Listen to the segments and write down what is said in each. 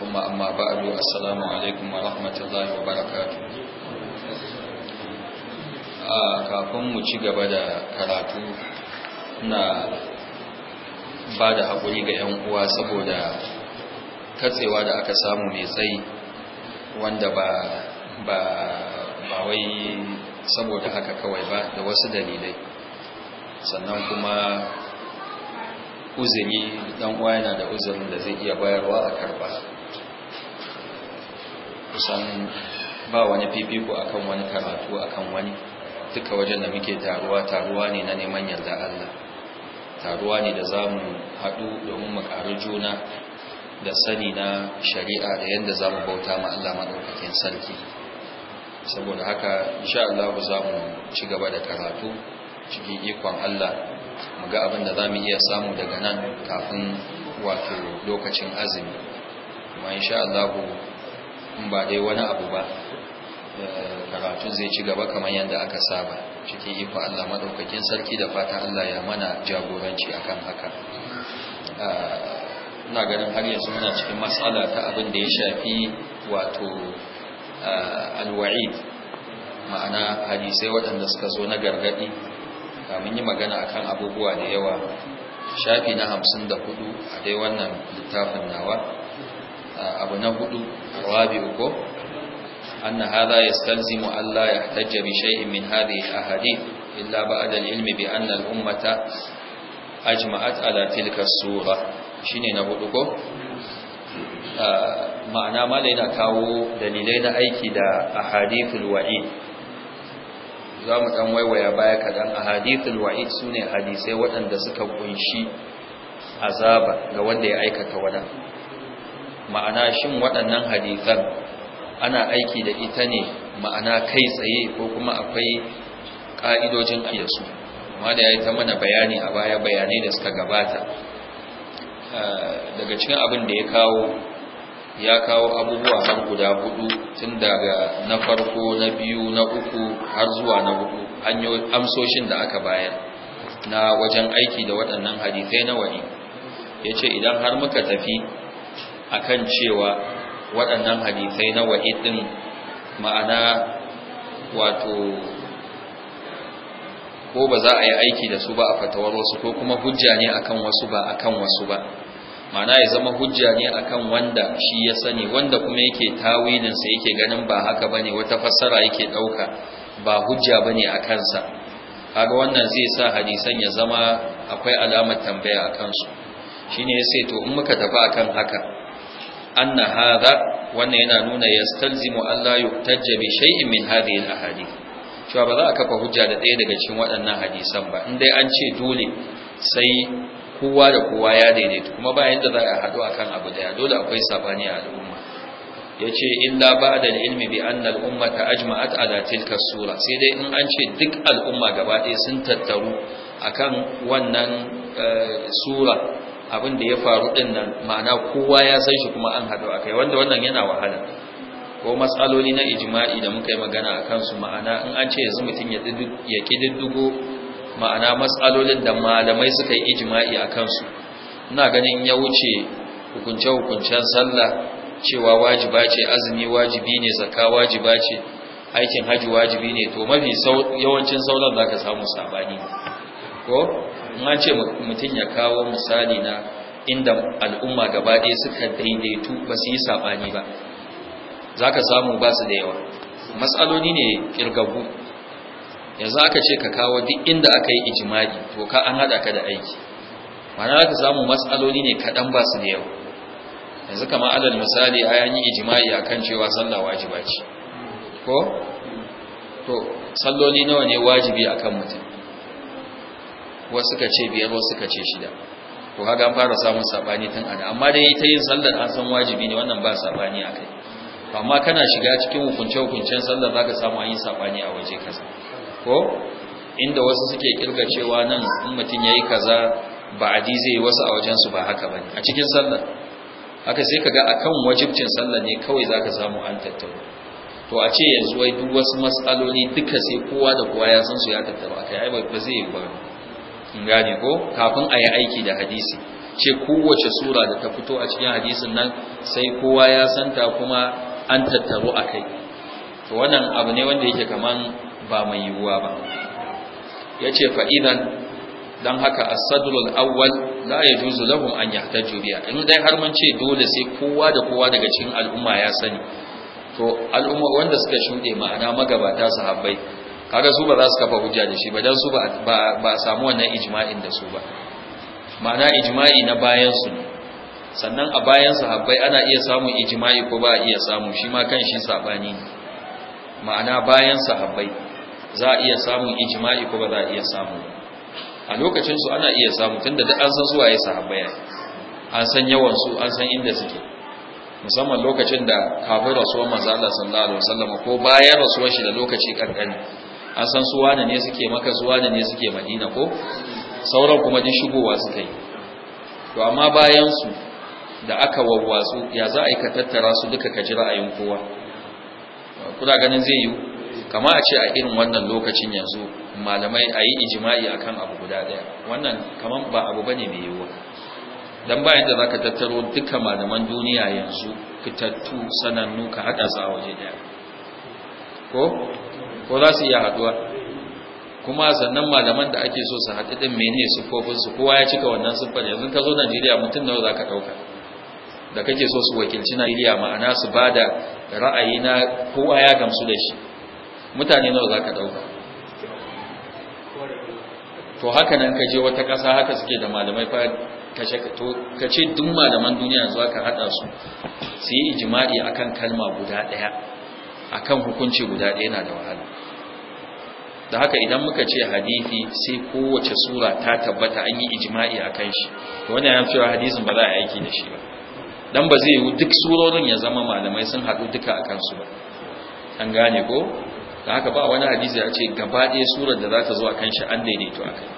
ثم أما بعد السلام عليكم ورحمة الله وبركاته kafin mu ci gaba da karatu na ba da haƙuri ga 'yan uwa saboda katsewa da aka samu mai tsayi wanda ba ba ba wai saboda haka kawai ba da wasu dalilai sannan kuma uzuri dan uwa yana da uzurin da zai iya bayarwa a karba kusan ba wani fifiko akan wani karatu akan wani duka wajen da muke taruwa taruwa ne na neman yarda Allah taruwa ne da za mu haɗu domin mu ƙari juna da sani na shari'a da yadda za mu bauta ma Allah maɗaukakin sarki saboda haka insha Allah za mu ci gaba da karatu cikin ikon Allah mu ga abin da za mu iya samu daga nan kafin wato lokacin azumi kuma insha Allah in ba dai wani abu ba eh, karatu zai ci gaba kamar yadda aka saba cikin ifa Allah madaukakin sarki da fata Allah ya mana jagoranci akan haka eh, ina ganin har yanzu muna cikin matsala ta abin da ya shafi wato eh, alwa'id ma'ana hadisai waɗanda suka zo na gargaɗi mun yi magana akan abubuwa da yawa shafi na hamsin 54 a dai wannan littafin nawa abu na hudu rabi'u ko anna hadha yastalzimu Allah yahtajja bi shay'in min hadhihi ahadith illa ba'da al-ilmi bi anna al-ummata ajma'at ala tilka as-sura shine na hudu ko ma'ana mala yana kawo dalilai na aiki da ahadithul wa'id za mu dan waiwaya baya kadan ahadithul wa'id sune hadisai waɗanda suka kunshi azaba ga wanda ya aikata wannan ma'ana shin waɗannan hadisan ana aiki da ita ne ma'ana kai tsaye ko kuma akwai ƙa'idojin su amma da ya yi ta mana bayani a baya bayanai da suka gabata eh, daga cikin abin da ya kawo ya kawo abubuwa har guda hudu tun daga na farko na biyu na uku har zuwa na hudu amsoshin da aka bayar na wajen aiki da waɗannan hadisai na wani ya ce idan har muka tafi akan cewa waɗannan hadisai na wa'idin ma'ana wato ko ba za a yi aiki da su ba a fatawar wasu ko kuma hujja ne akan wasu ba akan wasu ba ma'ana ya zama hujja ne akan wanda shi ya sani wanda kuma yake tawilin sa yake ganin ba haka bane wata fassara yake dauka ba hujja bane a kansa kaga wannan zai sa hadisan ya zama akwai alamar tambaya akan su shine yace to in muka tafi akan haka anna hadha wannan yana nuna yastalzimu Allah yuhtajja bi shay'in min hadhihi al-ahadith cewa ba za a kafa hujja da ɗaya daga cikin waɗannan hadisan ba in dai an ce dole sai kowa da kowa ya daidaita kuma bayan da za a haɗu akan abu daya dole akwai sabani a al'umma yace illa ba'da da ilmi bi anna al-ummata ajma'at ala tilka sura sai dai in an ce duk al'umma gaba ɗaya sun tattaru akan wannan eh, sura abin da ya faru din nan ma'ana kowa ya san shi kuma an haɗu kai, wanda wannan yana wahala ko matsaloli na ijma'i da muka yi magana a kansu ma'ana in an ce yanzu mutum ya ƙididdigo ma'ana matsalolin da malamai suka yi ijma'i a kansu ina ganin ya wuce hukunce-hukuncen sallah cewa wajiba ce azumi wajibi ne zakka wajiba ce aikin hajji wajibi ne to mafi yawancin sauran za ka samu sabani ko in an ce mutum ya kawo misali na inda al'umma gaba ɗaya suka daidaitu ba su yi saɓani ba za ka samu ba su da yawa matsaloli ne ƙirgagu yanzu aka ce ka kawo duk inda aka yi ijimali to ka an haɗa ka da aiki mana za ka samu matsaloli ne kaɗan ba su da yawa yanzu kama alal misali a yanyi ijimali a kan cewa sallah wajiba ce ko to salloli nawa ne wajibi a kan mutum wasu ka ce biyar wasu ka ce shida ko haka an fara samun sabani tun ana amma dai ta yin sallar an san wajibi ne wannan ba sabani a kai amma kana shiga cikin hukunce-hukuncen sallar za ka samu an yi sabani a waje kaza ko inda wasu suke kirga cewa nan in mutum ya yi kaza ba'adi zai yi wasu a wajensu ba haka ba ne a cikin sallar haka sai ka ga wajibcin sallar ne kawai za ka samu an tattauna to a ce yanzu wai duk wasu masaloli duka sai kowa da kowa ya san su ya tattauna a kai ai ba zai yi ba gane ko kafin a yi aiki da hadisi ce kowace sura da ta fito a cikin hadisin nan sai kowa ya santa kuma an tattaru a kai wannan abu ne wanda yake kaman ba mai yiwuwa ba ya ce fa'idan don haka asadulul awwal la ya juzu lahum an yahtaju biya in dai har mun ce dole sai kowa da kowa daga cikin al'umma ya sani to al'umma wanda suka shuɗe ma'ana magabata sahabbai kaga su ba za su kafa hujja da shi ba dan su ba ba samu wannan ijma'in da su ba ma'ana ijma'i na bayan su ne sannan a bayan sahabbai ana iya samun ijma'i ko ba iya samu shi ma kan shi sabani ma'ana bayan sahabbai za a iya samun ijma'i ko ba za a iya samu a lokacin su ana iya samu tunda duk an san su waye sahabbai an san yawan su an san inda suke musamman lokacin da kafin rasuwar manzo Allah sallallahu alaihi wasallam ko bayan rasuwar shi da lokaci kankani an san suwa ne suke maka suwa ne suke madina ko sauran kuma duk shigowa suka yi to amma bayan su da aka wawwatsu ya za a yi ka tattara su duka ka jira ra'ayin kowa kuna ganin zai yi kama a ce a irin wannan lokacin yanzu malamai a yi ijima'i akan abu guda ɗaya wannan kaman ba abu bane mai yiwuwa dan bayan da zaka tattaro duka malaman duniya yanzu fitattu sanannu ka hada su a waje daya ko ko za su iya haduwa kuma sannan malaman da ake so su haɗu ɗin mene siffofinsu kowa ya cika wannan siffar yanzu ka zo najeriya mutum nawa za ka ɗauka da kake so su wakilci najeriya ma'ana su ba da ra'ayi na kowa ya gamsu da shi mutane nawa za ka ɗauka to haka nan ka je wata ƙasa haka suke da malamai fa ka ce duk malaman duniya za ka haɗa su su yi ijima'i akan kalma guda ɗaya akan hukunci guda ɗaya na da wahala da haka idan muka ce hadisi sai kowace sura ta tabbata an yi ijma'i a kan shi wannan ya cewa hadisin ba za a aiki da shi ba dan ba zai yi duk surorin ya zama malamai sun haɗu duka a kansu ba an gane ko da haka ba wani hadisi ya ce gaba ɗaya surar da za ta zo a kan shi an daidaito a kai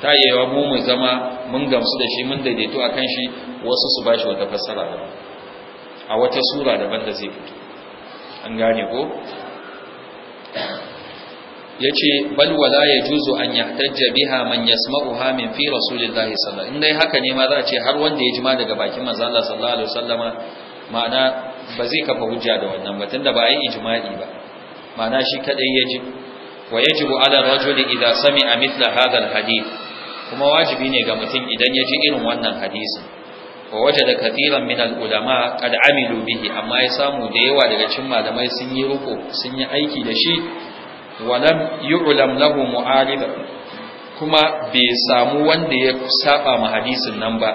ta yi yawa mu mu zama mun gamsu da shi mun daidaito a kan shi wasu su ba wata fassara daban a wata sura daban da zai fito an gane ko yace bal wala yajuzu an yahtajja biha man yasma'uha min fi rasulillahi sallallahu alaihi wasallam haka ne ma za a ce har wanda ya jima daga bakin manzo Allah sallallahu alaihi wasallama ma'ana ba zai kafa hujja da wannan ba tunda ba yi ijma'i ba ma'ana shi kadai yaji wa yajibu ala rajuli idza sami'a mithla hadha alhadith kuma wajibi ne ga mutum idan ya ji irin wannan hadisin waje da kathiran min al-ulama qad amilu bihi amma ya samu da yawa daga cikin malamai sun yi ruku sun yi aiki da shi wa lam yu'lam lahu kuma bai samu wanda ya saba ma hadisin nan ba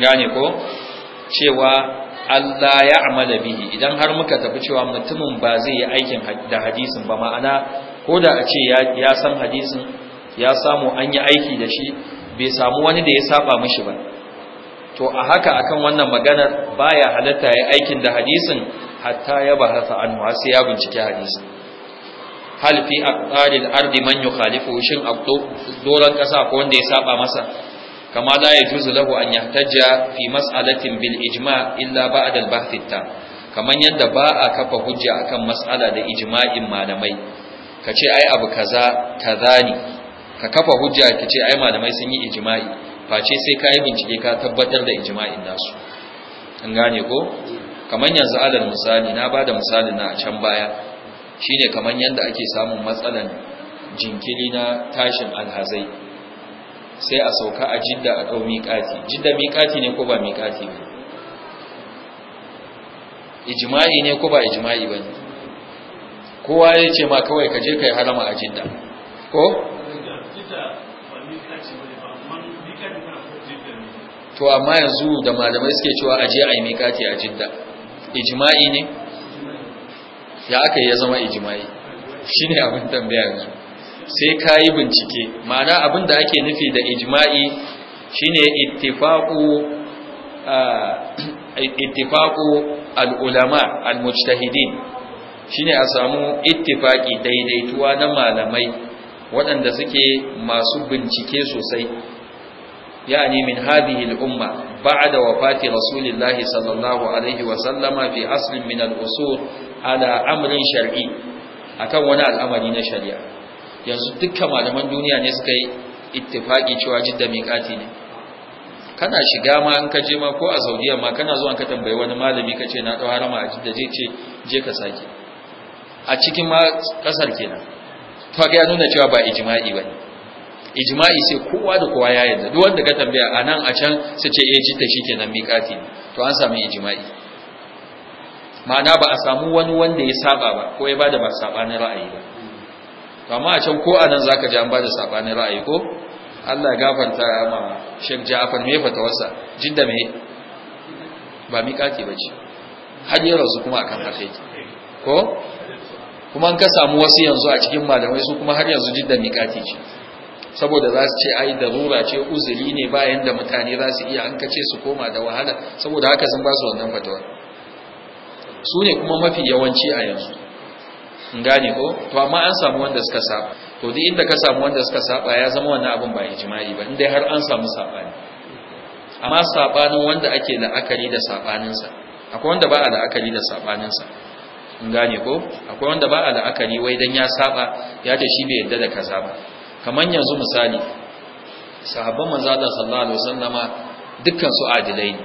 gane ko cewa Allah ya amala bihi idan har muka tafi cewa mutumin ba zai yi aikin da hadisin ba ma'ana ko da a ce ya san hadisin ya samu an yi aiki da shi bai samu wani da ya saba mishi ba to a haka akan wannan maganar baya halatta ya aikin da hadisin hatta ya bahasa an har ya bincike hadisin hal fi aqdalil ardi man yukhalifu shin aqdo doran kasa ko wanda ya saba masa kama la yajuzu lahu an yahtajja fi mas'alatin bil ijma' illa ba'da al bahth kaman yadda ba a kafa hujja akan mas'ala da ijma'in malamai kace ai abu kaza kaza ne ka kafa hujja kace ai malamai sun yi ijma'i face sai ka yi bincike ka tabbatar da ijma'in nasu an gane ko kamar yanzu alal misali na ba da misali na a can baya shine kamar yadda ake samun matsalan jinkiri na tashin alhazai sai a sauka a jidda a ɗau miƙati jidda miƙati ne ko ba miƙati ba ijima'i ne ko ba ijima'i ba ne kowa ya ce ma kawai ka je ka yi harama a jidda ko to amma yanzu da malamai suke cewa aje a yi miƙati a jidda ijma'i ne ya aka ya zama ijma'i shi ne abin tambaya yanzu sai ka yi bincike ma'ana abin da ake nufi da ijma'i shi ne ittifaƙo ah, al'ulama al-mujtahidin shi ne a samu ittifaƙi daidaituwa na malamai waɗanda suke masu bincike sosai يعني من هذه الأمة بعد وفاة رسول الله صلى الله عليه وسلم في أصل من الأصول على أمر شرعي akan wani al'amari na shari'a yanzu dukkan malaman duniya ne suka yi ittifaki cewa jidda miƙati ne kana shiga ma in ka je ma ko a saudiya ma kana zuwa ka tambayi wani malami ka ce na ɗau harama a jidda ce je ka sake a cikin ma ƙasar kenan to ga ya nuna cewa ba ijma'i ba ne ijma'i sai kowa da kowa ya yarda duk wanda ka tambaya a nan a can su ce eh jitta shikenan miƙati ne to an samu ijma'i ma'ana ba a samu wani wanda ya saba ba ko ya bada ba sabanin ra'ayi ba to amma a can ko a nan zaka ji an bada sabanin ra'ayi ko Allah ya gafarta ma Sheikh Ja'far me tawassa jidda me ba miƙati ce, har ya rasu kuma akan haka yake ko kuma an ka samu wasu yanzu a cikin malamai su kuma har yanzu jidda miƙati ce saboda za su ce ai rura ce uzuri ne bayan da mutane za su iya an kace su koma da wahala saboda haka sun ba su wannan fatawa su ne kuma mafi yawanci a yanzu in gane ko to amma an samu wanda suka saba to duk inda ka samu wanda suka saba ya zama wannan abin ba ijma'i ba indai har an samu sabani amma sabanin wanda ake la'akari da sa akwai wanda ba a la'akari da sabaninsa in gane ko akwai wanda ba a la'akari wai dan ya saba ya ce shi bai yadda da kaza ba kamar yanzu misali sahabban manzo Allah sallallahu alaihi wasallam dukkan su adilai ne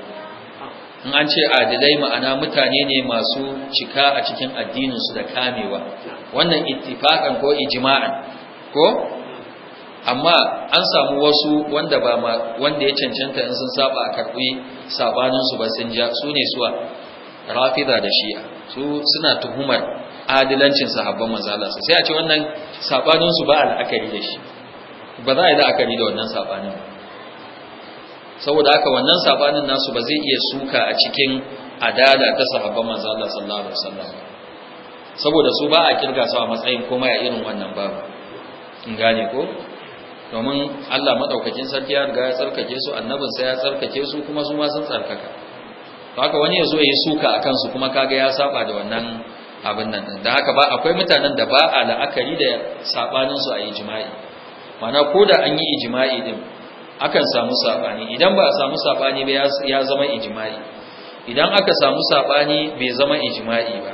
in an ce adilai ma'ana mutane ne masu cika a cikin addinin su da kamewa wannan ittifaqan ko ijma'an ko amma an samu wasu wanda ba wanda ya cancanta in sun saba a karbi sabanin su ba sun ja su ne suwa rafida da shi'a su suna tuhumar adilancin sahabban manzo Allah sai a ce wannan sabanin su ba la'akari da shi ba za a yi la'akari da wannan sabanin saboda haka wannan sabanin nasu ba zai iya suka a cikin adala ta sahabban manzo sallallahu alaihi wasallam saboda su ba a kirga su a matsayin komai a irin wannan babu in gane ko domin Allah madaukakin sarki ya riga ya tsarkake su annabin sai ya tsarkake su kuma su ma sun tsarkaka haka wani ya zo ya yi suka akan su kuma kaga ya saba da wannan abin nan din dan haka ba akwai mutanen da ba a la'akari da sabanin su a ijma'i mana ko da an yi ijma'i din akan samu sabani idan ba a samu sabani ba ya zama ijma'i idan aka samu sabani bai zama ijma'i ba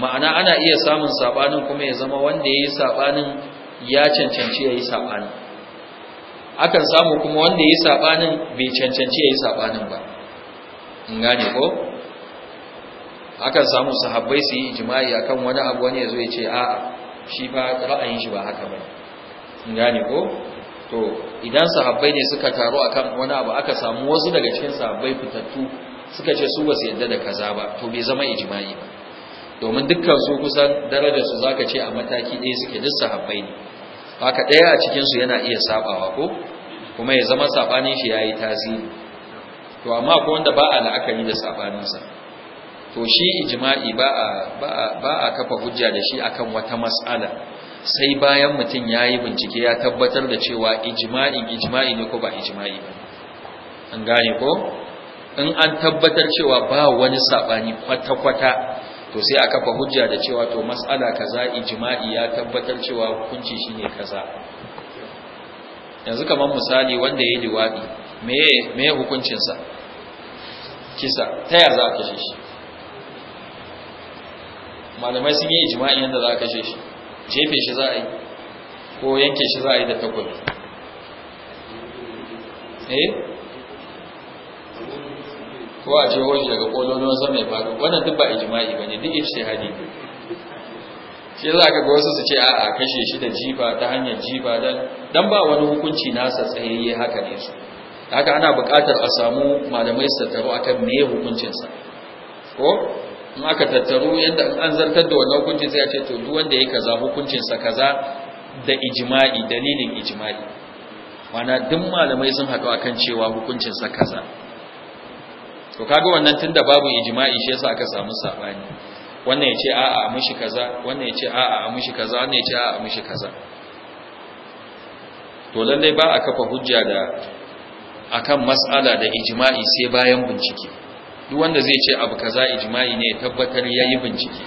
ma'ana ana iya samun sabanin kuma ya zama wanda yayi sabanin ya cancanci yayi sabani akan samu kuma wanda yayi sabanin bai cancanci yayi sabanin ba in gane ko akan samu sahabbai su yi jima'i akan wani abu wani yazo ya ce a'a shi ba ra'ayin shi ba haka ba gane ko to idan sahabbai ne suka taro akan wani abu aka samu wasu daga cikin sahabbai fitattu suka ce su ba su yadda da kaza ba to bai zama ijma'i ba domin dukkan su kusan darajar su zaka ce a mataki ɗaya suke duk sahabbai ne haka ɗaya a cikin su yana iya sabawa ko kuma ya zama sabanin shi yayi tasiri to amma ko wanda ba a la'akari da sabanin sa to shi ijma'i ba a ba a kafa hujja da shi akan wata mas'ala sai bayan mutum yayi bincike ya tabbatar da cewa ijma'i ijma'i ne ko ba ijma'i ba an gane ko in an tabbatar cewa ba wani sabani kwata-kwata to sai a kafa hujja da cewa to mas'ala kaza ijma'i ya tabbatar cewa hukunci shine kaza yanzu kamar misali wanda yayi liwadi me me hukuncin sa kisa ta yaya za ka kashe shi malamai sun yi ijma'in yadda za a kashe shi jefe shi za a yi ko yanke shi za a yi da takobi eh ko a ce shi daga kololon sama ya faru wannan duk ba ijma'i ne duk ijtihadi ne shi za ka ga wasu su ce a'a kashe shi da jifa ta hanyar jifa dan ba wani hukunci nasa tsayayye haka ne su haka ana bukatar a samu malamai su taro akan me hukuncinsa ko in aka tattaru yadda an zartar da wannan hukuncin sai a ce to duk wanda ya kaza hukuncinsa kaza da ijma'i dalilin ijma'i mana duk malamai sun haɗu akan cewa hukuncinsa kaza to kaga wannan tunda babu ijma'i shi yasa aka samu sabani wannan yace a'a a mushi kaza wannan yace a'a a mushi kaza wannan yace a'a a mushi kaza to lalle ba a kafa hujja da akan mas'ala da ijma'i sai bayan bincike duk wanda zai ce abu kaza ijma'i ne tabbatar yayi bincike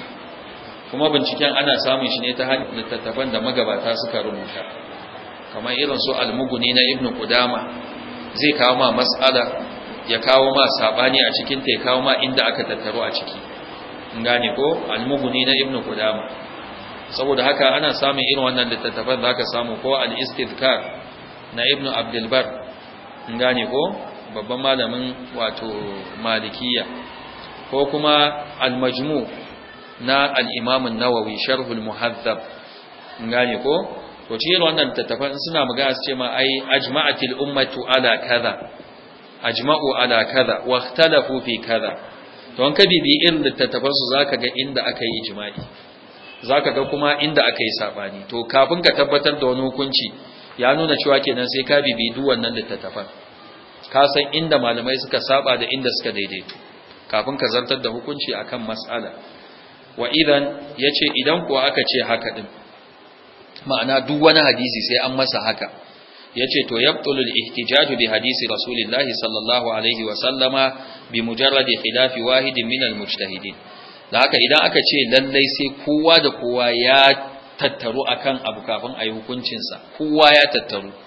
kuma binciken ana samun shi ne ta hanyar littattafan da magabata suka rubuta kamar irin su al-mughni na ibnu qudama zai kawo ma mas'ala ya kawo ma sabani a cikin ta ya kawo ma inda aka tattaro a ciki in gane ko al na ibnu qudama saboda haka ana samun irin wannan littattafan zaka samu ko al-istidkar na ibnu abdul bar in gane ko babban malamin wato malikiya ko kuma Almajmu na Alimamin imam an-nawawi sharh al-muhadhab ngani ko to cikin wannan tattafan suna magana su ce ma ai ajma'atil ummatu ala kaza ajma'u ala kaza wa ikhtalafu fi kaza to an kabi bi tattafan su zaka ga inda jima'i? Za ka ga kuma inda yi saɓani? to kafin ka tabbatar da wani hukunci ya nuna cewa kenan sai ka bibi duk wannan littattafan ka san inda malamai suka saba da inda suka daidaito kafin ka zartar da hukunci akan mas'ala wa idan yace idan kuwa aka ce haka din ma'ana duk wani hadisi sai an masa haka yace to yabtulu al-ihtijaj bi hadisi rasulillahi sallallahu alaihi wa sallama bi mujarradi khilafi wahidin min al-mujtahidin da haka idan aka ce lallai sai kowa da kowa ya tattaru akan abu kafin ayi hukuncin sa kowa ya tattaru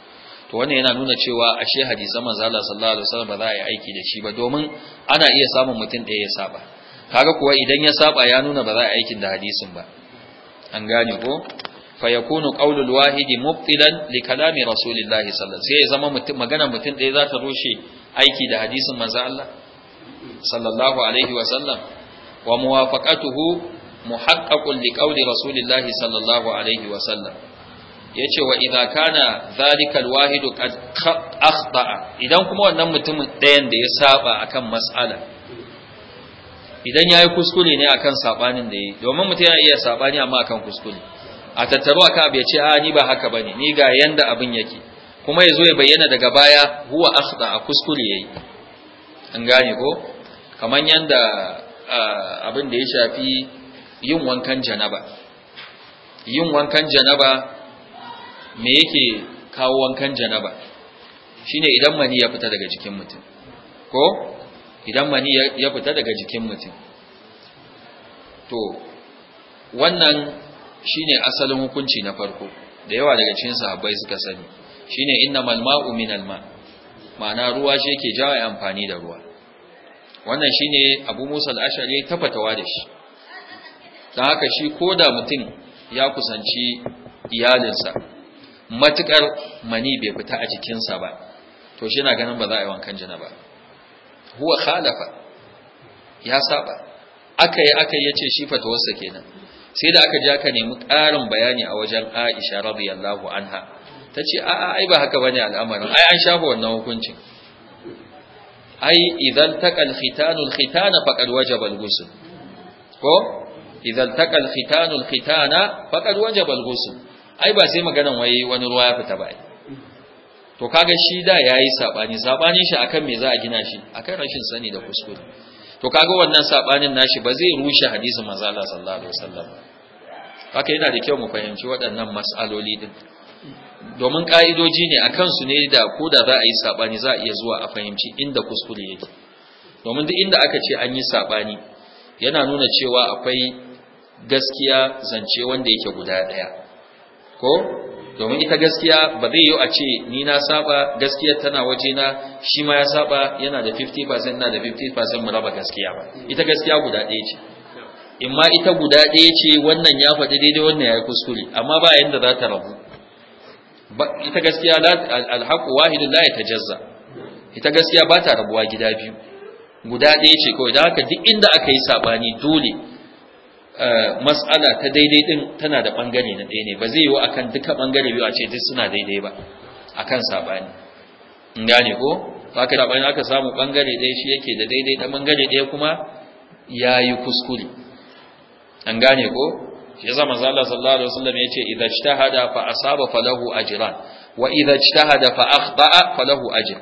to wannan yana nuna cewa ashe hadisan manzo Allah sallallahu alaihi wasallam ba za a yi aiki da shi ba domin ana iya samun mutum ɗaya ya saba kaga kuwa idan ya saba ya nuna ba za a yi aikin da hadisin ba an gane ko fa yakunu qawlul wahidi mubtilan li kalami rasulillahi sallallahu alaihi wasallam sai zama mutum magana mutum ɗaya za ta rushe aiki da hadisin manzo Allah sallallahu alaihi wasallam wa muwafaqatuhu muhaqqaqun li qawli rasulillahi sallallahu alaihi wasallam yace wa idza kana zalikal wahidu qad idan kuma wannan mutumin ɗayan da ya saba akan mas'ala idan yayi kuskure ne akan sabanin da yayi domin mutum yana iya sabani amma akan kuskure a tattaro aka abu ce, a ah, ni ba haka bane ni ga yanda abin yake kuma zo ya bayyana daga baya huwa a kuskure yayi an gane ko Kamar yanda abin da ya shafi yin wankan janaba yin wankan janaba me yake kawo wankan janaba shine idan mani ya fita daga jikin mutum ko idan mani ya fita daga jikin mutum to wannan shine asalin hukunci na farko da yawa daga cikin sahabbai suka sani shine innamal ma'u minal ma ma'ana ruwa shi yake jawo amfani da ruwa wannan shine Abu Musa al-Ash'ari ta fatawa da shi dan haka shi koda mutum ya kusanci iyalinsa matukar mani bai fita a jikinsa ba to shi na ganin ba za a yi wankan jina ba huwa khalafa ya saba aka yi aka yace shi fatawarsa kenan sai da aka ja ka nemi ƙarin bayani a wajen Aisha radiyallahu anha tace ce a ai ba haka bane al'amarin ai an shafa wannan hukuncin ai idan taqal khitanul khitana faqad wajaba al-ghusl ko idan taqal khitanul khitana faqad wajaba al-ghusl ai ba sai maganan wai wani ruwa ya fita ba ai to kaga shi da yayi sabani sabanin shi akan me za a gina shi akan rashin sani da kuskure to kaga wannan sabanin nashi ba zai rushe hadisin manzo Allah sallallahu alaihi wasallam haka yana da kyau mu fahimci waɗannan mas'aloli din domin ka'idoji ne akan su ne da ko da za a yi sabani za a iya zuwa a fahimci inda kuskure yake domin duk inda aka ce an yi sabani yana nuna cewa akwai gaskiya zance wanda yake guda ɗaya. ko domin ita gaskiya ba zai yi a ce ni na saba gaskiyar tana waje na shi ma ya saba yana da 50% na da 50% mu raba gaskiya ba ita gaskiya guda ɗaya ce in ma ita guda ɗaya ce wannan ya faɗi daidai wannan ya yi kuskure amma ba yanda za ta rabu ita gaskiya alhaƙu wahidun la ya ita gaskiya ba ta rabuwa gida biyu guda ɗaya ce kawai da haka duk inda aka yi saɓani dole Eh, mas'ala ta daidai din tana da bangare na ɗaya ne ba zai yi wa akan duka bangare biyu a ce duk suna daidai ba akan sabani in gane ko haka sabani aka samu bangare ɗaya shi yake da daidai da bangare ɗaya kuma yayi kuskure an gane ko shi yasa manzo Allah sallallahu alaihi wasallam yace idza ijtahada fa asaba falahu ajran wa idza ijtahada fa akhta'a falahu ajr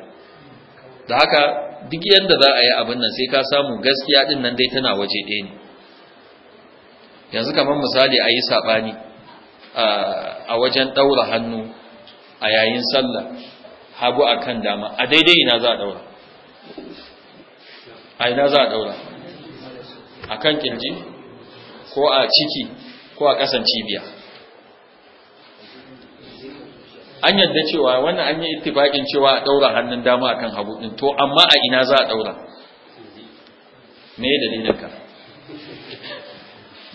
da haka duk yanda za a yi abin nan sai ka samu gaskiya din nan dai tana waje ɗaya ne yanzu kamar misali a yi saɓani a wajen ɗaura hannu a yayin sallah hagu a kan dama a daidai ina za a ɗaura a ina za a ɗaura a kan ƙirji ko a ciki ko a ƙasan cibiya an yadda cewa wannan an yi ittifaƙin cewa a ɗaura hannun dama a kan hagu ɗin to amma a ina za a ɗaura me dalilinka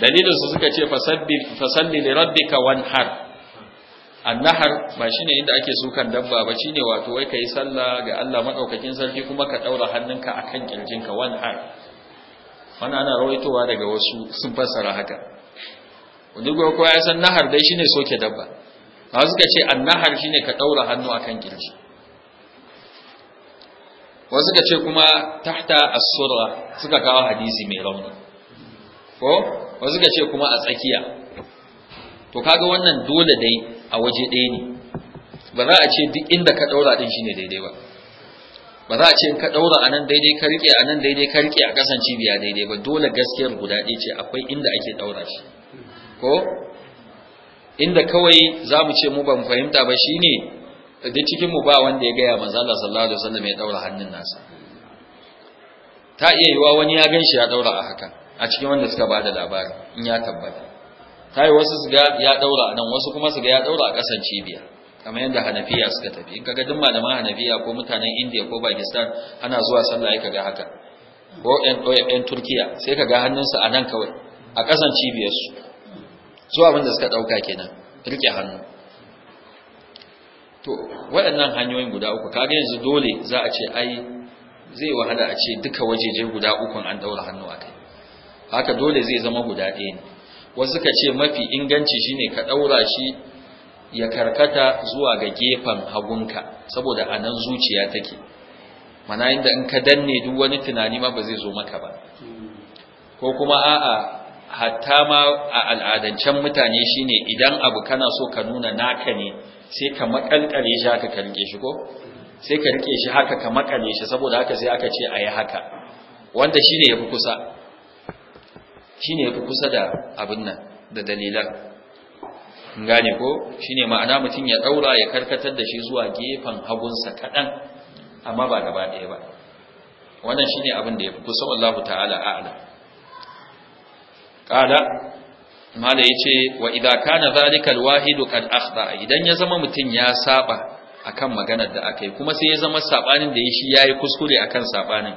dalilin su suka ce fasalli li rabbika har. annahar ba shine inda ake sukan dabba ba shine wato wai ka yi sallah ga Allah madaukakin sarki kuma ka daura hannunka akan kirjinka har. wannan ana rawaitowa daga wasu sun fassara haka duk kowa ya san nahar dai shine soke dabba ba suka ce annahar shine ka daura hannu akan kirji wasu ka ce kuma tahta as suka kawo hadisi mai rauni ko wasu ka ce kuma a tsakiya to kaga wannan dole dai a waje ɗaya ne ba za a ce duk inda ka ɗaura ɗin shine daidai ba ba za a ce ka ɗaura a nan daidai ka riƙe a nan daidai ka riƙe a ƙasan cibiya daidai ba dole gaskiyar guda ɗaya ce akwai inda ake ɗaura shi ko inda kawai za mu ce mu ban fahimta ba shine duk cikin mu ba wanda ya gaya manzo Allah sallallahu alaihi wasallam ya ɗaura hannun nasa ta iya yiwa wani ya gan shi ya ɗaura a haka a cikin wanda suka bada labarin in ya tabbata kai wasu su ga ya daura nan wasu kuma su ga ya daura a kasan cibiya kamar yadda hanafiya suka tafi in kaga duk malaman hanafiya ko mutanen indiya ko pakistan ana zuwa sallah kaga haka ko yan turkiya sai kaga hannunsu a nan kawai a kasan cibiyarsu zuwa abin da suka dauka kenan rike hannu to waɗannan hanyoyin guda uku kaga yanzu dole za a ce ai zai wahala a ce duka wajeje guda ukun an daura hannu a kai haka dole zai zama guda ɗaya ne wasu ka ce mafi inganci shine ka ɗaura shi ya karkata zuwa ga gefen hagunka saboda a nan zuciya take mana inda in ka danne duk wani tunani ma ba zai zo maka ba ko kuma a'a hatta ma a al'adancen mutane shine idan abu kana so ka nuna naka ne sai ka makalkale shi haka ka rike shi ko sai ka rike shi haka ka makale shi saboda haka sai aka ce a yi haka wanda shi shine fi kusa shine yafi kusa da abin nan da dalilan gane ko shine ma'ana mutum ya daura ya karkatar da shi zuwa gefen hagunsa kadan amma ba gaba ɗaya ba wannan shine abin da yafi kusa wallahu ta'ala ala. qala mala yace wa idza kana zalikal wahidu kad akhta idan ya zama mutum ya saba akan maganar da akai kuma sai ya zama sabanin da yi shi yayi kuskure akan sabanin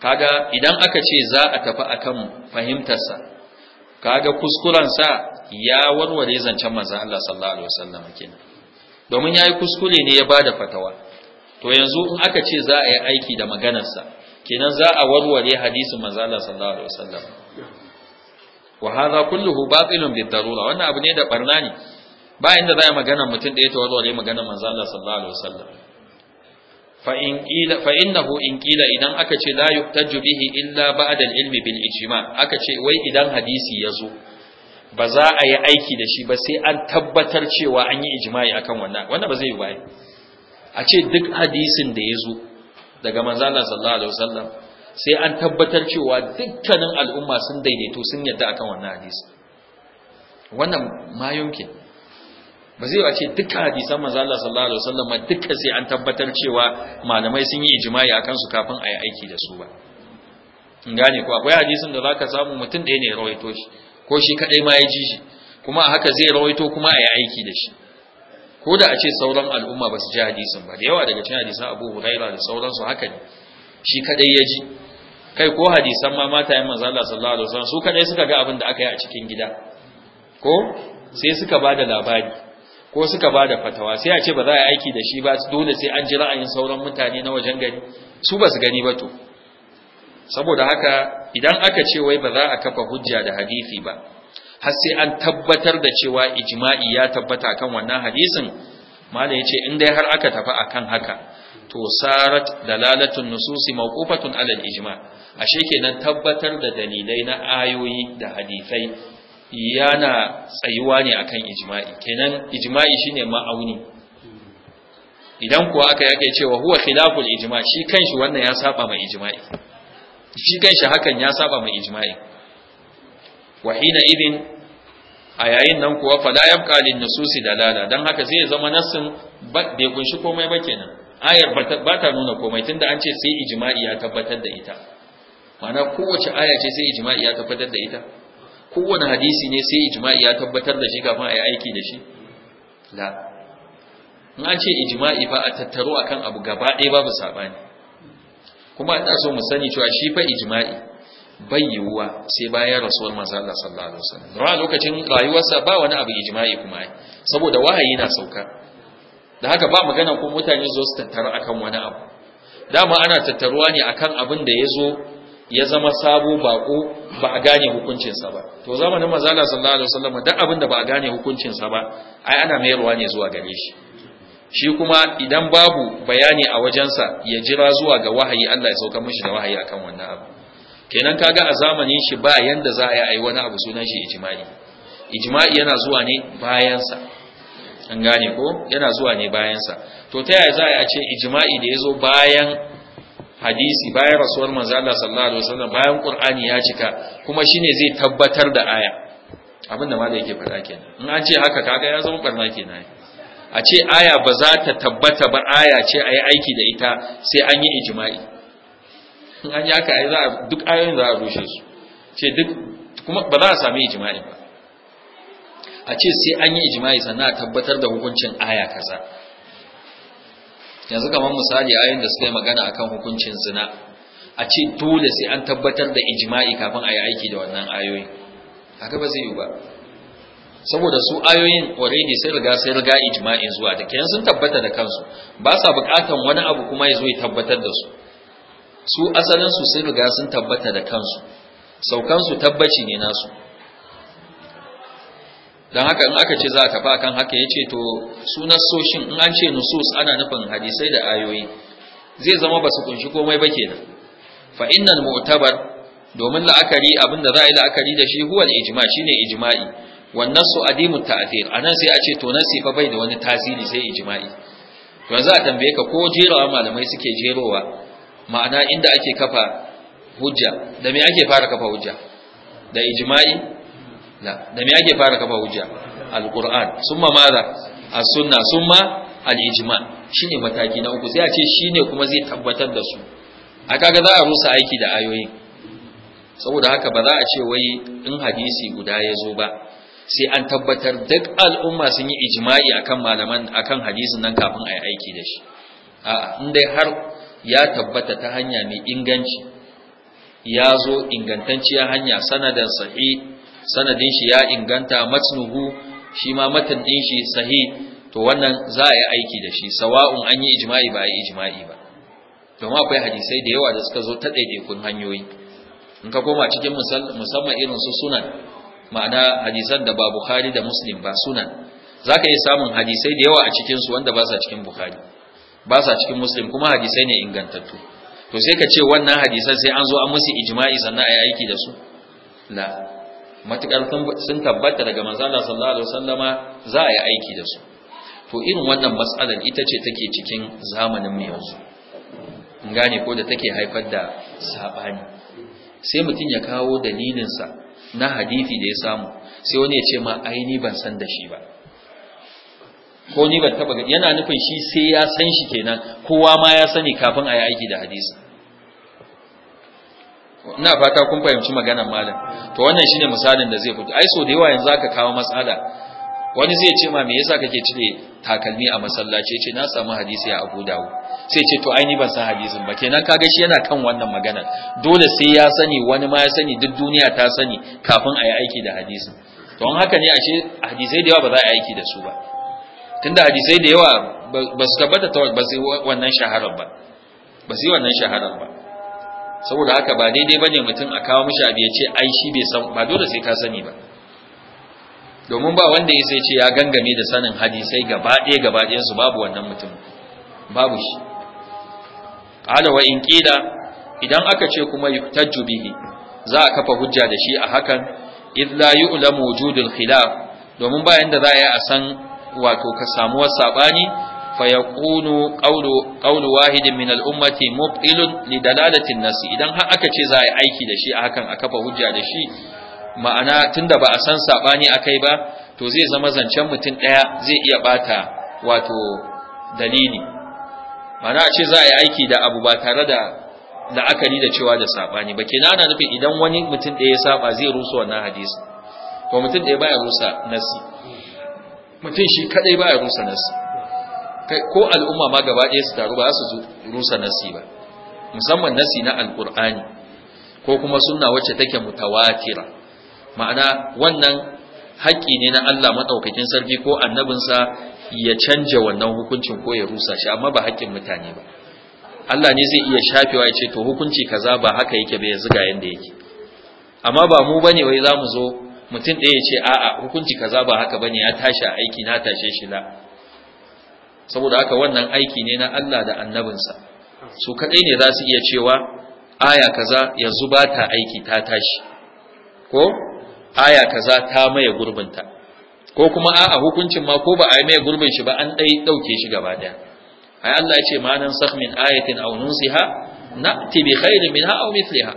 kaga idan aka ce za a tafi akan fahimtarsa kaga kuskurensa ya warware zancen manzon Allah sallallahu alaihi wasallam kenan domin yayi kuskure ne ya bada fatawa to yanzu in aka ce za a yi aiki da maganarsa kenan za a warware hadisin manzon Allah sallallahu alaihi wasallam wa hadha kulluhu batilun bid darura wannan abu ne da barna ne ba inda za a yi magana mutum da ya warware maganar manzon Allah sallallahu alaihi wasallam فإنه in ƙila idan aka ce la به إلا illa العلم ilmi bil وي aka ce wai idan hadisi ya zo ba za a yi aiki da shi ba sai an tabbatar cewa an yi ijimai akan wannan ba zai yi da ya zo daga maza sallallahu alaihi wasallam sai an tabbatar cewa dukkanin al'umma sun daidaito sun yadda akan wannan hadisi wannan ma yunkin ba zai wace dukkan hadisan manzo Allah sallallahu alaihi wasallam duka sai an tabbatar cewa malamai sun yi ijma'i akan su kafin a yi aiki da su ba in gane ko akwai hadisin da zaka samu mutum ɗaya ne ya rawaito shi ko shi kadai ma ya ji shi kuma a haka zai rawaito kuma a yi aiki da shi ko da a ce sauran al'umma ba su ji hadisin ba da yawa daga cikin hadisan Abu Huraira da sauransu haka ne shi kadai ya ji kai ko hadisan ma matayen manzo Allah sallallahu alaihi wasallam su kadai suka ga abin da aka yi a cikin gida ko sai suka bada labari ko suka ba da fatawa sai a ce ba za a yi aiki da shi ba dole sai an ji ra'ayin sauran mutane na wajen gani, su ba su gani ba to saboda haka idan aka ce wai ba za a kafa hujja da hadisi ba har sai an tabbatar da cewa ijma'i ya tabbata kan wannan hadisin malai yace in dai har aka tafi akan haka to sarat dalalatun nususi mawqufatun ala al-ijma' ashe kenan tabbatar da dalilai na ayoyi da hadisai yana tsayuwa ne akan ijma'i kenan ijma'i shine ma'auni idan kuwa aka yake cewa huwa khilaful ijma' shi kanshi wannan ya saba mai ijma'i shi kanshi hakan ya saba mai ijma'i wa hina idin a yayin nan kuwa fala yabqa lin nususi dalala dan haka zai ya zama nassin bai kunshi komai ba kenan ayar ba ta nuna komai tunda an ce sai ijma'i ya tabbatar da ita ma'ana kowace aya ce sai ijma'i ya tabbatar da ita kowane hadisi ne sai ijma'i ya tabbatar da shi kafin a yi aiki da shi la in an ce ijma'i ba a tattaro akan abu gaba ɗaya babu sabani kuma ina so mu sani cewa shi fa ijma'i bai yiwuwa sai bayan rasuwar manzo Allah sallallahu alaihi wasallam ra lokacin rayuwarsa ba wani abu ijma'i kuma ai saboda wahayi na sauka da haka ba magana ko mutane zo su tattara akan wani abu dama ana tattaruwa ne akan abin da ya zo ya zama sabo bako ba a gane hukuncinsa ba to zamanin mazala sallallahu alaihi wasallam duk abin da ba a gane hukuncinsa ba ai ana mayarwa ne zuwa gare shi shi kuma idan babu bayani a wajensa ya jira zuwa ga wahayi Allah ya sauka mishi da wahayi akan wannan abu kenan kaga a zamanin shi ba yanda za a yi ai wani abu sunan shi ijma'i ijma'i yana zuwa ne bayan sa an gane ko yana zuwa ne bayan sa to ta yaya za a ce ijma'i da yazo bayan hadisi bayan rasuwar manzo Allah sallallahu alaihi wasallam bayan Qur'ani ya cika kuma shine zai tabbatar da aya abin da malai yake faɗa kenan in an ce haka kaga ya zama barna kenan a ce aya ba za ta tabbata ba aya ce ayi aiki da ita sai an yi ijma'i in an yi haka ai za duk ayoyin za a rushe su ce duk kuma ba za a sami ijma'i ba a ce sai an yi ijma'i sannan a tabbatar da hukuncin aya kaza yanzu kamar misali ayoyin da suka yi magana akan hukuncin zina a ce dole sai an tabbatar da ijma'i kafin a yi aiki da wannan ayoyin haka ba zai yi ba saboda su ayoyin already sai riga sai riga ijma'in zuwa da kenan sun tabbata da kansu ba sa bukatan wani abu kuma ya zo ya tabbatar da su su asalin su sai riga sun tabbata da kansu saukan su tabbaci ne nasu don haka in aka ce za ka fa kan haka ya ce to sunan soshin in an ce nusus ana nufin hadisai da ayoyi zai zama ba su kunshi komai ba kenan fa innal mu'tabar domin la'akari da za a yi la'akari da shi huwal ijma shine ijma'i wannan su adimu ta'thir anan sai a ce to nasi fa bai da wani tasiri sai ijma'i to za a tambaye ka ko jerawa malamai suke jerowa ma'ana inda ake kafa hujja da me ake fara kafa hujja da ijma'i da me ake fara kafa hujja alquran summa maza as-sunna summa al-ijma shine mataki na uku sai a ce shine kuma zai tabbatar da su a kaga za a rusa aiki da ayoyi saboda haka ba za a ce wai in hadisi guda ya zo ba sai an tabbatar duk al'umma sun yi ijma'i akan malaman akan hadisin nan kafin a yi aiki da shi a'a in dai har ya tabbata ta hanya mai inganci ya zo ingantacciyar hanya sanadan sahih sanadin shi ya inganta matnuhu shi ma matan din shi sahih to wannan za a yi aiki da shi sawa'un an yi ijma'i ba a yi ijma'i ba ma akwai hadisai da yawa da suka zo ta ɗaiɗaikun hanyoyi in ka koma cikin musamman irin su sunan ma'ana hadisan da ba bukhari da muslim ba sunan za ka iya samun hadisai da yawa a cikinsu wanda ba sa cikin bukhari ba sa cikin muslim kuma hadisai ne ingantattu to sai ka ce wannan hadisan sai an zo an musu ijma'i sannan a yi aiki da su la matukar sun tabbata daga manzala sallallahu alaihi wasallama za a yi aiki da su to irin wannan matsalar ita ce take cikin zamanin mu yanzu gane ko da take haifar da sabani sai mutum ya kawo dalilin sa na hadisi da ya samu sai wani ya ce ma ai ni ban san da shi ba ko ni ban taba yana nufin shi sai ya san shi kenan kowa ma ya sani kafin a yi aiki da hadisi ina fata kun fahimci maganar malam to wannan shine misalin da zai fito ai so da yawa yanzu aka kawo matsala wani zai ce ma me yasa kake cire takalmi a masallaci yace na samu hadisi a Abu Dawud sai ce to ai ni ban san hadisin ba kenan kaga shi yana kan wannan magana dole sai ya sani wani ma ya sani duk duniya ta sani kafin a yi aiki da hadisin an haka ne ashe hadisai da yawa ba za a yi aiki da su ba tunda hadisai da yawa ba su tabbata ba wannan shaharar ba ba su yi wannan shaharar ba saboda haka ba daidai bane mutum a kawo mishi abu ya ce ai shi bai san ba dole sai ka sani ba domin ba wanda ya sai ce ya gangame da sanin hadisai gaba ɗaya gaba ɗayan su babu wannan mutum babu shi qala wa in qila idan aka ce kuma yuhtaju bihi za a kafa hujja da shi a hakan id la yu'lamu wujudul khilaf domin bayan da za a yi a san wato ka samu wasabani fayakunu qawlu wahidin min al-ummati mubtilun li dalalati an idan har aka ce za a yi aiki da shi a hakan a kafa hujja da shi ma'ana tunda ba a san sabani akai ba to zai zama zancen mutum ɗaya zai iya bata wato dalili ma'ana a ce za a yi aiki da abu ba tare da la'akari da cewa da sabani ba kenan ana nufin idan wani mutum ɗaya ya saba zai rusa wannan hadisi to mutum daya baya rusa nasi mutum shi kadai baya rusa nasi ko al'umma ma gaba ɗaya su taru ba su rusa nasi ba musamman nasi na alkur'ani ko kuma sunna wacce take mutawatira ma'ana wannan haƙƙi ne na Allah madaukakin sarki ko annabinsa ya canja wannan hukuncin ko ya rusa shi amma ba haƙƙin mutane ba Allah ne zai iya shafewa ya ce to hukunci kaza ba haka yake ba ya zuga yanda yake amma ba mu bane wai zamu zo mutum ɗaya ya ce a'a hukunci kaza ba haka bane ya tashi a aiki na tashe shi la saboda haka wannan aiki ne na Allah da annabinsa su kadai ne za su iya cewa aya kaza yanzu ba ta aiki ta tashi ko aya kaza ta maye gurbinta ko kuma a hukuncin ma ko ba a maye gurbin shi ba an dai dauke shi gaba daya ai Allah ya ce ma nan sakh min ayatin aw nunsiha na'ti bi khairin minha aw mithliha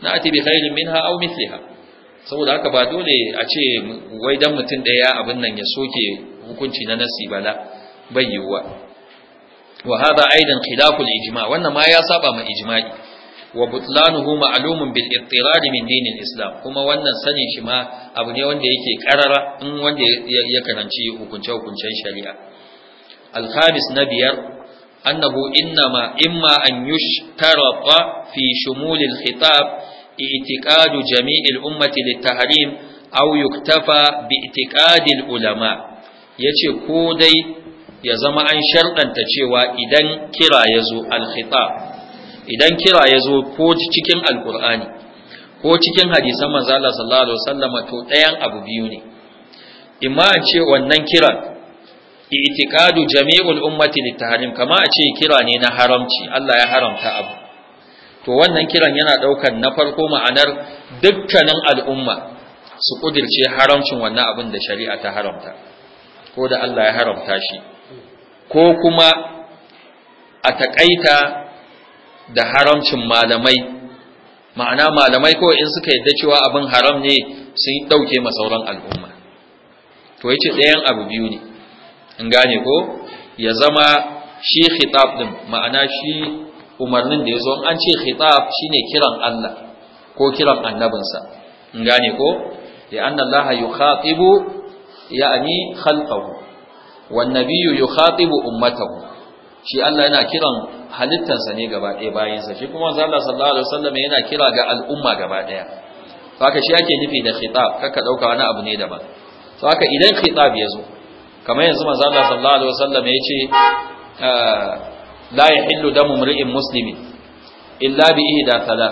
na'ti bi khairin minha aw mithliha saboda haka ba dole a ce wai dan mutum daya abin nan ya soke hukunci na nasi bala bai yiwuwa wa hada aidan khilaful ijma wannan ma ya saba ma ijma'i wa butlanuhu ma'lumun bil ittirad min dinil islam kuma wannan sanin shi ma abu ne wanda yake karara in wanda ya karanci hukunce hukuncen shari'a al khamis na biyar annahu innama imma an yushtarafa fi shumulil khitab i'tiqadu jami'il ummati lit-tahrim aw yuktafa bi ulama yace ko dai ya zama an sharɗanta cewa idan kira ya zo alkhita idan kira ya zo ko cikin alkur'ani ko cikin hadisan manzala sallallahu alaihi wasallama to ɗayan abu biyu ne imma a ce wannan kiran itikadu jami'ul ummati litahrim kama a ce kira ne na haramci Allah ya haramta abu to wannan kiran yana ɗaukar na farko ma'anar dukkanin al'umma su kudirce haramcin wannan abin da shari'a ta haramta ko da Allah ya haramta shi ko kuma a taƙaita da haramcin malamai ma'ana malamai kawai in suka yadda cewa abin haram ne sun ɗauke ma sauran al'umma to yace ɗayan abu biyu ne in gane ko ya zama shi khitab din ma'ana shi umarnin da yazo an ce khitab shine kiran Allah ko kiran annabinsa in gane ko ya anna Allah yukhatibu ya'ni khalqahu wan nabiyyu yukhatibu ummatahu shi Allah yana kiran halittarsa ne gaba ɗaya bayansa shi kuma manzo Allah sallallahu alaihi wasallam yana kira ga al'umma gaba ɗaya shi ake nufi da khitab kaka ɗauka wani abu ne daban Saka idan khitab ya zo kamar yanzu manzo Allah sallallahu alaihi wasallam ya ce ah, la yahillu damu mri'in muslimin illa bi da tala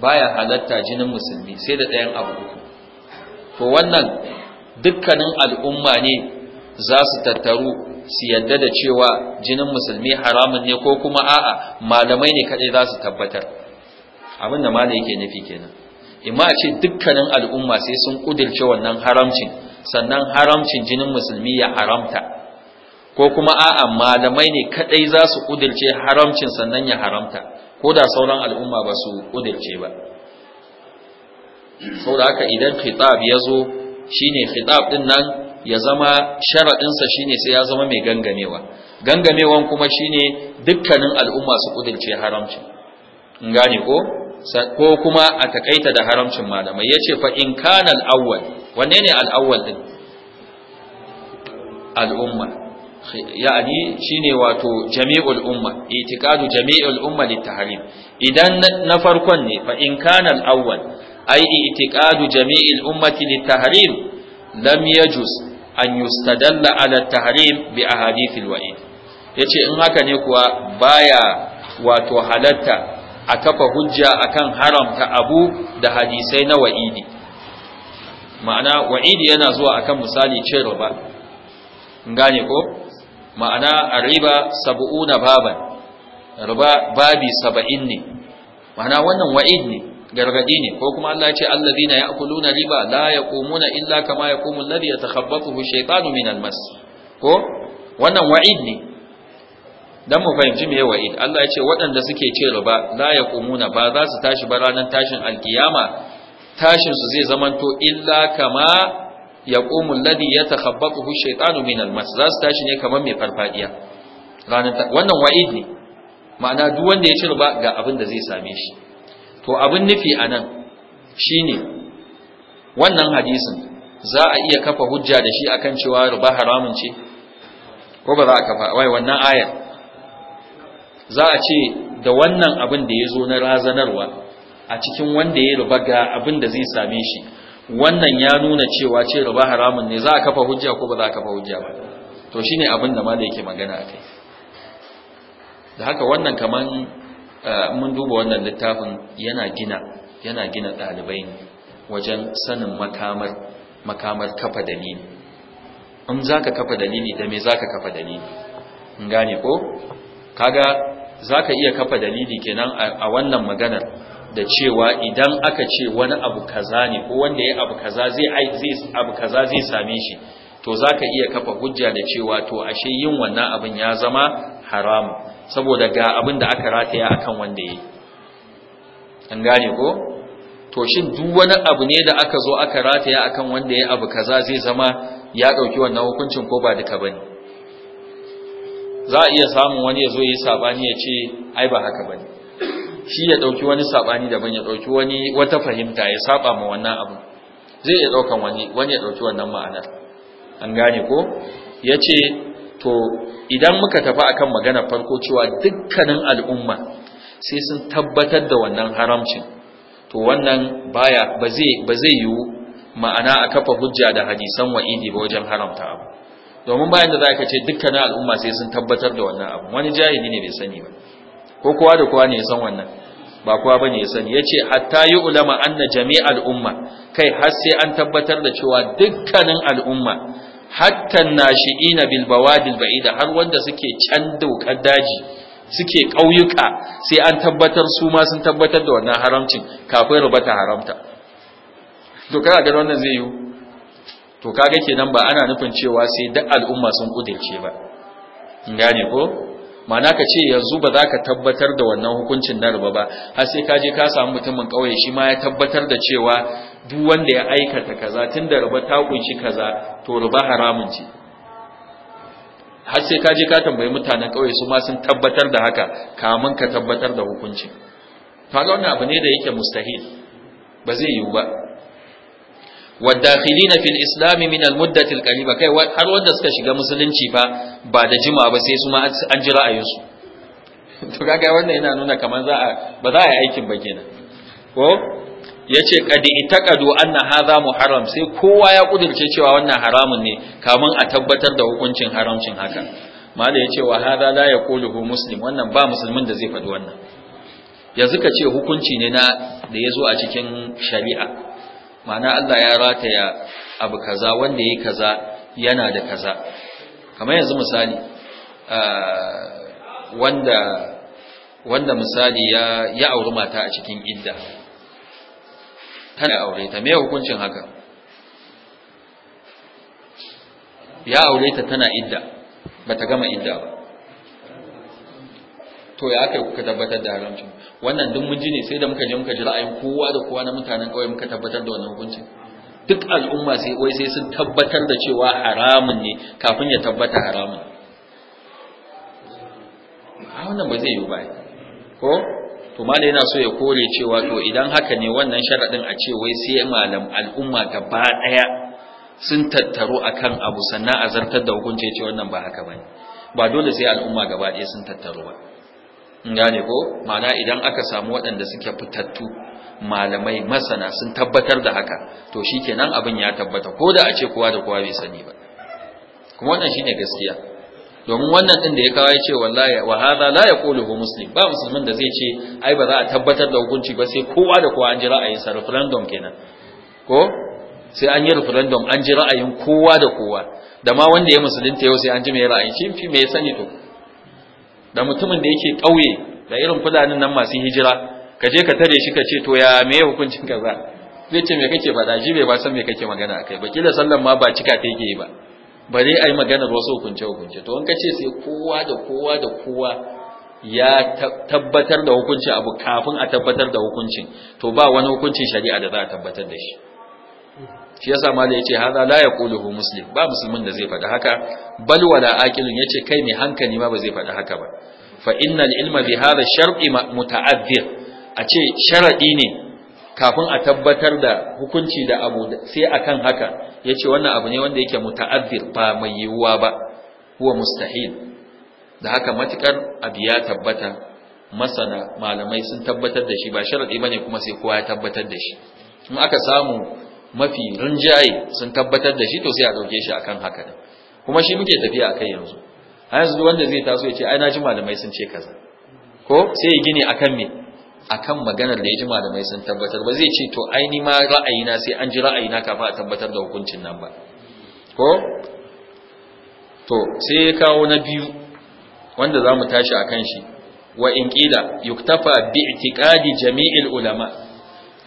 baya halatta jinin musulmi sai da ɗayan abu uku to wannan dukkanin al'umma ne za su tattaru su yadda da cewa jinin musulmi haramun ne ko kuma a'a malamai ne kadai za su tabbatar abin da malai yake nufi kenan imma ce dukkanin al'umma sai sun kudirce wannan haramcin sannan haramcin jinin musulmi ya haramta ko kuma a'a malamai ne kadai za su kudirce haramcin sannan ya haramta ko da sauran al'umma ba su kudirce ba saboda haka idan khitab ya zo shine khitab din nan ya zama sharaɗinsa shine sai ya zama mai gangamewa gangamewan kuma shine dukkanin al'umma su kudirce haramci in gane ko ko kuma a takaita da haramcin malamai yace fa in kana al-awwal wanne ne al-awwal din al-umma yani shine wato jami'ul umma itiqadu jami'ul umma lit idan na farkon ne fa in kana al-awwal ai itiqadu jami'il ummati lit lam yajuz an yustadalla ala tahrim bi ahadithil wa'id yace in haka ne kuwa baya wato halatta a kafa hujja akan haramta abu da hadisai na wa'idi ma'ana wa'idi yana zuwa akan misali ce riba ngane ko ma'ana riba sab'una baban riba babi 70 ne ma'ana wannan wa'id ne Gargaɗi ne ko kuma Allah ya ce allazina ya'kuluna riba la yaqumuna illa kama yaqumu alladhi yatakhabbathu shaytanu min almas ko wannan wa'id ne dan mu fahimci me wa'id Allah ya ce waɗanda suke ce riba la yaqumuna ba za su tashi ba ranar tashin alkiyama tashin su zai zamanto illa kama yaqumu alladhi yatakhabbathu shaytanu min almas za su tashi ne kamar mai farfadiya ranar wannan wa'id ne ma'ana duk wanda ya ci riba ga abin da zai same shi to abin nufi a nan shi ne wannan hadisin za a iya kafa hujja da shi akan cewa ruba haramun ce ko ba za a kafa wai wannan ayar za a ce da wannan abin da ya zo na razanarwa a cikin wanda ya ruba ga abin da zai same shi wannan ya nuna cewa ce ruba haramun ne za a kafa hujja ko ba za a kafa hujja ba to shine abin da da yake magana kai. da haka wannan kamar. Eh, mun duba wannan littafin yana gina yana gina ɗalibai wajen sanin makamar makamar kafa dalili in za ka kafa dalili da me zaka ka kafa dalili in gane ko kaga za iya kafa dalili kenan a wannan maganar da cewa idan aka ce wani abu kaza ne ko wanda ya abu kaza zai abu kaza zai same shi to za ka iya kafa hujja da cewa to ashe yin wannan abin ya zama haram saboda ga abin da aka rataya akan wanda ya yi an gane ko to shin duk wani abu ne da aka zo aka rataya akan wanda ya abu kaza zai zama ya ɗauki wannan hukuncin ko ba duka ba ne za a iya samun wani ya zo ya yi saɓani ya ce ai ba haka ba ne shi ya ɗauki wani saɓani daban ya ɗauki wani wata fahimta ya saɓa ma wannan abu zai iya ɗaukan wani wani ya ɗauki wannan ma'anar an gane ko ya ce to idan muka tafi akan magana farko cewa dukkanin al'umma sai sun tabbatar da wannan haramcin to wannan baya ba zai yiwu ma'ana a kafa hujja da hadisan wa'idi ba wajen haramta abu domin bayan da za ka ce dukkanin al'umma sai sun tabbatar da wannan abu wani jahili ne bai sani ba ko kowa da kowa ne ya san wannan ba kowa bane ya sani yace hatta yi ulama anna jami'al umma kai har sai an tabbatar da cewa dukkanin al'umma hatta nashi'ina bil bawadil ba'ida har wanda suke can dokar daji suke ƙauyuka sai an tabbatar su ma sun tabbatar da wannan haramcin kafin ruba haramta to kaga ga wannan zai yi to kaga kenan ba ana nufin cewa sai duk al'umma sun kudirce ba gane ko mana ka ce yanzu ba za ka tabbatar da wannan hukuncin na riba ba har sai ka je ka samu mutumin ƙauye shi ma ya tabbatar da cewa duk wanda ya aikata kaza tun da ruba ta kunshi kaza to ruba haramun ce har sai ka je ka tambayi mutanen ƙauye su ma sun tabbatar da haka kamun ka tabbatar da hukuncin kaga wannan abu ne da yake mustahil ba zai yiwu ba والداخلين في الإسلام من المدة القريبة kai har wanda suka shiga musulunci fa ba da jima ba sai su ma an ji ra'ayinsu to kaga wannan yana nuna kamar za a ba za a yi aikin ba kenan ko yace qad itaqadu anna hadha muharram sai kowa ya kudirce cewa wannan haramun ne kamun a tabbatar da hukuncin haramcin haka malai yace wa hadha la yaquluhu muslim wannan ba musulmin da zai faɗi wannan yanzu ka ce hukunci ne na da ya zo a cikin shari'a ma'ana Allah ya rataya abu kaza wanda yayi kaza yana da kaza kamar yanzu misali wanda wanda misali ya ya auri mata a cikin idda tana aure ta me hukuncin haka ya aure ta tana idda bata gama idda ba to ya aka kuka tabbatar da haramcin wannan duk mun ji ne sai da muka je muka ji ra'ayin kowa da kowa na mutanen kauye muka tabbatar da wannan hukuncin duk al'umma sai wai sai sun tabbatar da cewa haramun ne kafin ya tabbata haramun a wannan ba zai yi ba ko to malai yana so ya kore cewa to idan haka ne wannan sharaɗin a ce wai sai malam al'umma gaba daya sun tattaro akan abu sannan a zartar da hukunci ce wannan ba haka bane ba dole sai al'umma gaba daya sun tattaro ba gane ko ma'ana idan aka samu waɗanda suke fitattu malamai masana sun tabbatar da haka to shikenan abin ya tabbata ko da a ce kowa da kowa bai sani ba kuma wannan shine gaskiya domin wannan din da ya kawo ya ce wallahi wa hadha la yaquluhu muslim ba musulmin da zai ce ai ba za a tabbatar da hukunci ba sai kowa da kowa an ji ra'ayin sa referendum kenan ko sai an yi referendum an ji ra'ayin kowa da kowa da ma wanda ya musulunta yau sai an ji mai ra'ayin shi fi mai sani to da mutumin da yake kauye da irin fulanin nan masu hijira ka je ka tare shi ka ce to ya me hukuncin kaza zai ce me kake faɗa shi bai ba san me kake magana akai ba kila sallan ma ba cika ta yake ba ba zai ai maganar wasu hukunce hukunce to in ka ce sai kowa da kowa da kowa ya tabbatar da hukunci abu kafin a tabbatar da hukuncin to ba wani hukuncin shari'a da za a tabbatar da shi shi yasa malai yace hada la yaquluhu muslim ba musulmin da zai faɗi haka bal wala aqilun yace kai mai hankali ma ba zai faɗi haka ba fa innal ilma bi hada shar'i muta'addir a ce sharaɗi ne kafin a tabbatar da hukunci da abu sai akan haka ya ce wannan abu ne wanda yake muta'addir ba mai yiwuwa ba huwa mustahil da haka matukar abu ya tabbata masana malamai sun tabbatar da shi ba sharaɗi ba ne kuma sai kowa ya tabbatar da shi in aka samu mafi rinjaye sun tabbatar da shi to sai a ɗauke shi akan haka ne kuma shi muke tafiya a kai yanzu a yanzu wanda zai taso ya ce ai na ji malamai sun ce kaza ko sai ya gini akan me akan maganar da ya ji malamai sun tabbatar ba zai ce to aini ma ra'ayina sai an ji ra'ayina kafa a tabbatar da hukuncin nan ba ko to sai ya kawo na biyu wanda za mu tashi akan shi wa in ƙila, yuktafa bi i'tiqadi jami'il ulama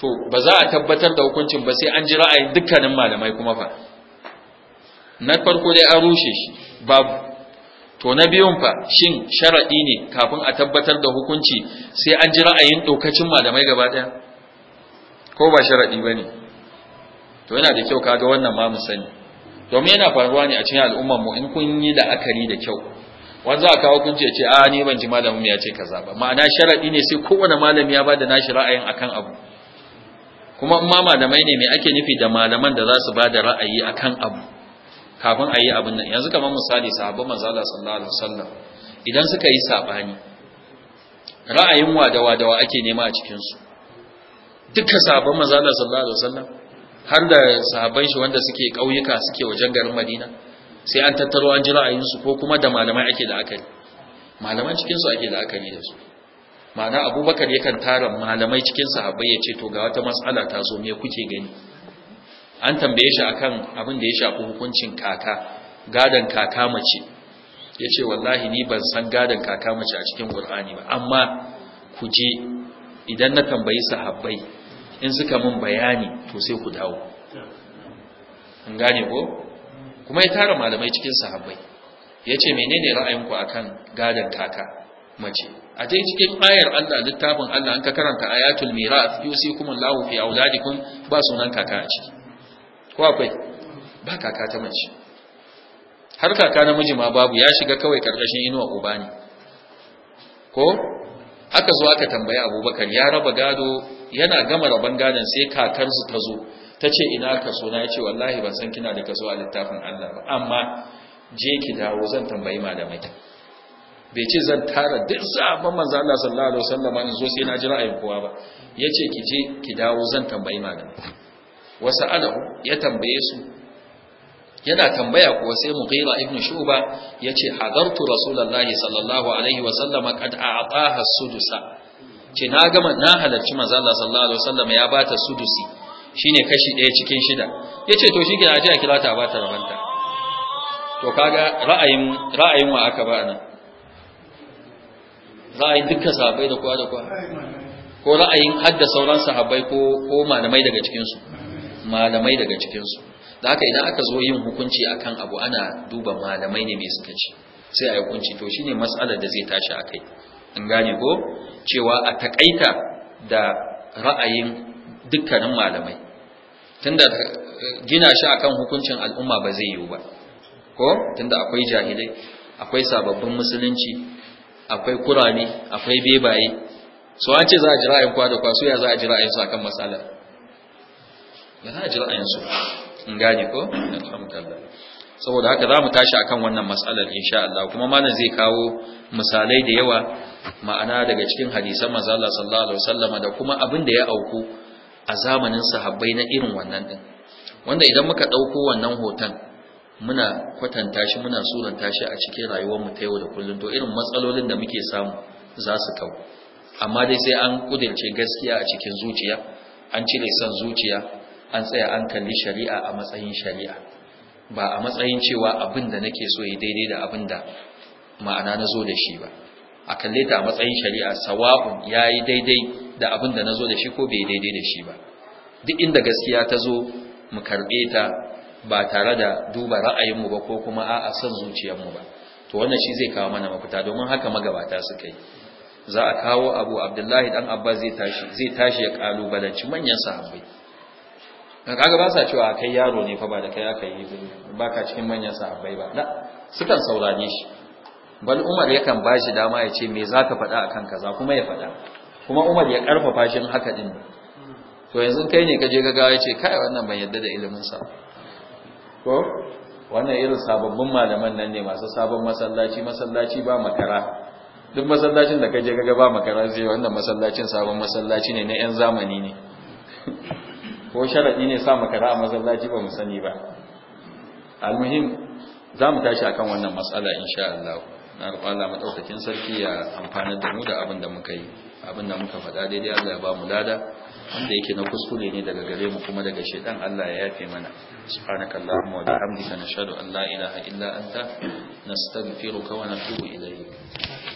to ba za a tabbatar da hukuncin ba sai an ji ra'ayin dukkanin malamai kuma fa na farko dai an rushe shi babu to na biyun fa shin sharadi ne kafin a tabbatar da hukunci sai an ji ra'ayin dokacin malamai gaba daya ko ba sharadi bane to yana da kyau kaga wannan ma mu sani domin yana faruwa ne a cikin al'ummar mu in kun yi la'akari da kyau wanda za a kawo hukunci ya ce a ni ban ji malamin ya ce kaza ba ma'ana sharaɗi ne sai kowane malami ya bada nashi ra'ayin akan abu kuma in ma malamai ne me ake nufi da malaman da za su ba da ra'ayi akan abu kafin a yi abin nan yanzu kamar misali sahabban manzala sallallahu alaihi wasallam idan suka yi sabani ra'ayin wadawa dawa ake nema a cikin su dukkan sahabban manzala sallallahu alaihi wasallam har da sahabban shi wanda suke kauyuka suke wajen garin Madina sai an tattaro an ji ra'ayinsu su ko kuma da malamai ake da akali malaman cikin su ake da akali da su ma'ana Abubakar yakan tara malamai cikin sahabbai ya ce to ga wata mas'ala ta zo me kuke gani an tambaye shi akan abin da ya shafi hukuncin kaka gadan kaka mace ya wallahi ni ban san gadan kaka mace a cikin Al-Qur'ani ba amma ku je idan na tambayi sahabbai in suka min bayani to sai ku dawo an gane ko kuma ya tara malamai cikin sahabbai ya ce menene ra'ayinku akan gadan kaka mace a dai cikin ayar Allah littafin Allah an ka karanta ayatul mirath yusikumullahu fi auladikum ba sunan kaka a ciki ko akwai ba kaka ta mace har kaka namiji ma babu ya shiga kawai karkashin inuwa uba ne ko aka zo aka tambayi abubakar ya raba gado yana gama raban gadon sai su ta zo ta ce ina ka so na ya ce wallahi ban san kina da kaso a littafin Allah ba amma je ki dawo zan tambayi malamai bai ce zan tara duk sabon manzo Allah sallallahu alaihi wasallam in zo sai na ji ra'ayin kowa ba yace ki je ki dawo zan tambayi malamai wasu alahu ya tambaye su yana tambaya kuwa sai mughira ibn shuba yace hadartu rasulullahi sallallahu alaihi wa sallama kad a'taha sudusa ce na gama na halarci manzo Allah sallallahu alaihi wa sallama ya bata sudusi shine kashi ɗaya cikin shida yace to shike aje a kira ta bata rabanta to kaga ra'ayin ra'ayin wa aka ba nan ra'ayin dukkan sahabbai da kowa da kowa ko ra'ayin hadda sauran sahabbai ko ko malamai daga cikin su malamai daga cikinsu da haka idan aka zo yin hukunci akan abu ana duba malamai ne mai suka ci sai a yi hukunci to shine matsalar da zai tashi a kai an gane ko cewa a takaita da ra'ayin dukkanin malamai tunda eh, gina shi akan hukuncin al'umma ba zai yiwu ba ko tunda akwai jahilai akwai sababbin musulunci akwai kurani akwai bebaye so an ce za a ji ra'ayin kwa da kwa so ya za a ji ra'ayin su akan matsalar ba na ji ra'ayinsu in gane ko alhamdulillah saboda haka za mu tashi akan wannan matsalar insha Allah kuma malam zai kawo misalai da yawa ma'ana daga cikin hadisan manzo Allah sallallahu alaihi wasallam da kuma abin da ya auku a zamanin sahabbai na irin wannan din wanda idan muka dauko wannan hoton muna kwatanta shi muna suranta shi a cikin rayuwar mu ta yau da kullum to irin matsalolin da muke samu za su kawo amma dai sai an kudirce gaskiya a cikin zuciya an cire son zuciya an tsaya an kalli shari'a a matsayin shari'a ba a matsayin cewa abinda da nake so yi daidai da abin ma'ana na zo da shi ba a kalle ta a matsayin shari'a sawa'un ya yi daidai da abinda da na zo da shi ko bai daidai da shi ba duk inda gaskiya ta zo mu karɓe ta ba tare da duba ra'ayinmu ba ko kuma a'a son zuciyarmu ba to wannan shi zai kawo mana mafita domin haka magabata suka yi za a kawo abu abdullahi dan abbas zai tashi zai tashi ya kalubalanci manyan sahabbai kaga ba sa cewa kai yaro ne fa ba da kai aka yi ba ka cikin manyan sa sahabbai ba na sukan saurare shi bal Umar yakan ba shi dama ya ce me zaka faɗa akan kaza kuma ya faɗa kuma Umar ya karfafa shi haka din to yanzu kai ne ka je ga ya ce kai wannan ban yadda da ilimin sa ko wannan irin sababbin malaman nan ne masu sabon masallaci masallaci ba makara duk masallacin da kaje ga ba makara sai wannan masallacin sabon masallaci ne na yan zamani ne ko sharaɗi ne sa makara a masallaci ba mu sani ba almuhim za mu tashi akan wannan matsala insha Allah na roƙon Allah madaukakin sarki ya amfana da mu da abin da muka yi abin da muka faɗa daidai Allah ya ba mu lada wanda yake na kuskure ne daga gare mu kuma daga shedan Allah ya yafe mana subhanakallahumma wa bihamdika nashhadu an la ilaha illa anta nastaghfiruka wa natubu ilayk